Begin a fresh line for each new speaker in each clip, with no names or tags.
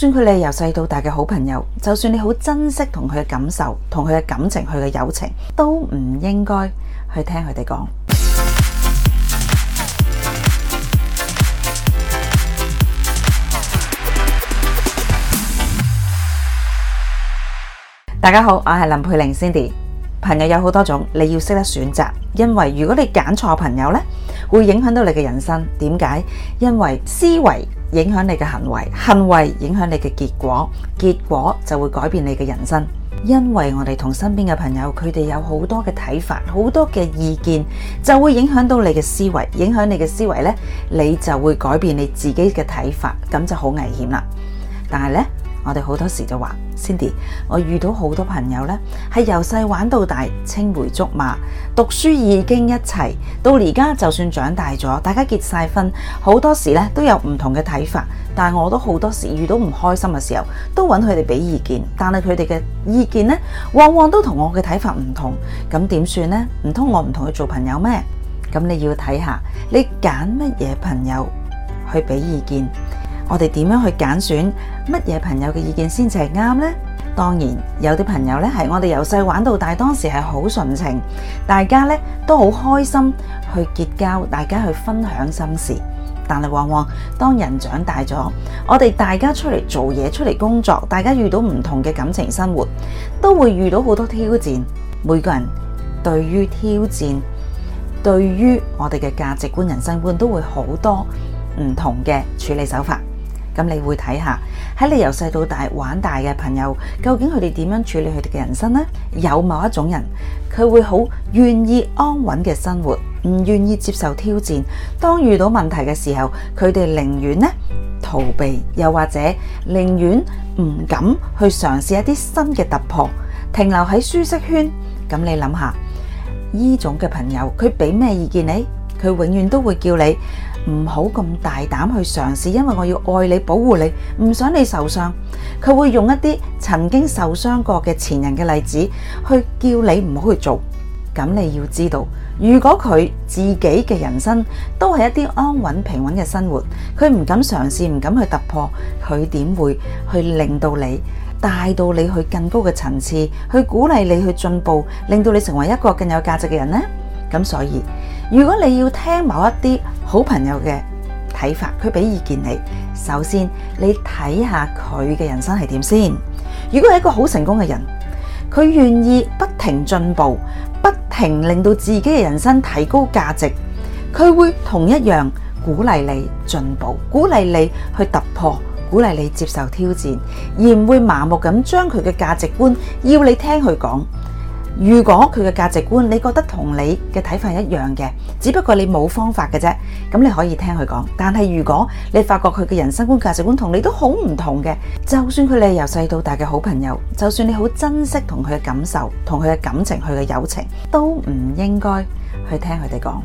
就算佢哋由細到大嘅好朋友，就算你好珍惜同佢嘅感受、同佢嘅感情、佢嘅友情，都唔應該去聽佢哋講。大家好，我係林佩玲 Cindy。朋友有好多種，你要識得選擇，因為如果你揀錯朋友呢，會影響到你嘅人生。點解？因為思維。影響你嘅行為，行為影響你嘅結果，結果就會改變你嘅人生。因為我哋同身邊嘅朋友，佢哋有好多嘅睇法，好多嘅意見，就會影響到你嘅思維。影響你嘅思維呢，你就會改變你自己嘅睇法，咁就好危險啦。但係呢。我哋好多時就話 Cindy 我遇到好多朋友呢，係由細玩到大，青梅竹馬，讀書已經一齊，到而家就算長大咗，大家結晒婚，好多時呢都有唔同嘅睇法。但我都好多時遇到唔開心嘅時候，都揾佢哋畀意見，但係佢哋嘅意見呢，往往都同我嘅睇法唔同，咁點算呢？唔通我唔同佢做朋友咩？咁你要睇看下看，你揀乜嘢朋友去畀意見？我哋點樣去揀選乜嘢朋友嘅意見先至係啱呢？當然有啲朋友咧，係我哋由細玩到大，當時係好純情，大家都好開心去結交，大家去分享心事。但係往往當人長大咗，我哋大家出嚟做嘢、出嚟工作，大家遇到唔同嘅感情生活，都會遇到好多挑戰。每個人對於挑戰，對於我哋嘅價值觀、人生觀，都會好多唔同嘅處理手法。咁你會睇下喺你由細到大玩大嘅朋友，究竟佢哋點樣處理佢哋嘅人生呢？有某一種人，佢會好願意安穩嘅生活，唔願意接受挑戰。當遇到問題嘅時候，佢哋寧願呢逃避，又或者寧願唔敢去嘗試一啲新嘅突破，停留喺舒適圈。咁你諗下，呢種嘅朋友，佢俾咩意見你？佢永遠都會叫你。唔好咁大膽去嘗試，因為我要愛你，保護你，唔想你受傷。佢會用一啲曾經受傷過嘅前人嘅例子，去叫你唔好去做。咁你要知道，如果佢自己嘅人生都係一啲安穩平穩嘅生活，佢唔敢嘗試，唔敢去突破，佢點會去令到你，帶到你去更高嘅層次，去鼓勵你去進步，令到你成為一個更有價值嘅人呢？咁所以。如果你要聽某一啲好朋友嘅睇法，佢俾意見你，首先你睇下佢嘅人生係點先。如果係一個好成功嘅人，佢願意不停進步，不停令到自己嘅人生提高價值，佢會同一樣鼓勵你進步，鼓勵你去突破，鼓勵你接受挑戰，而唔會麻木咁將佢嘅價值觀要你聽佢講。如果佢嘅價值觀，你覺得同你嘅睇法一樣嘅，只不過你冇方法嘅啫，咁你可以聽佢講。但係如果你發覺佢嘅人生觀、價值觀同你都好唔同嘅，就算佢你係由細到大嘅好朋友，就算你好珍惜同佢嘅感受、同佢嘅感情、佢嘅友情，都唔應該去聽佢哋講。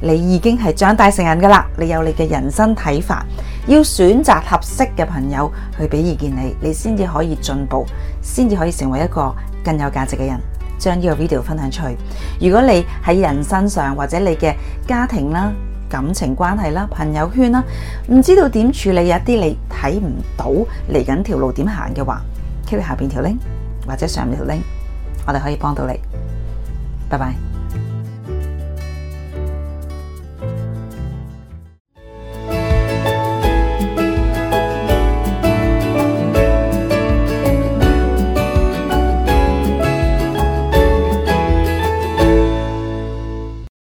你已經係長大成人㗎喇，你有你嘅人生睇法，要選擇合適嘅朋友去畀意見你，你先至可以進步，先至可以成為一個更有價值嘅人。將呢個 video 分享出去。如果你喺人身上或者你嘅家庭啦、感情關係啦、朋友圈啦，唔知道點處理有一啲你睇唔到嚟緊條路點行嘅話，click 下面條 link 或者上面條 link，我哋可以幫到你。拜拜。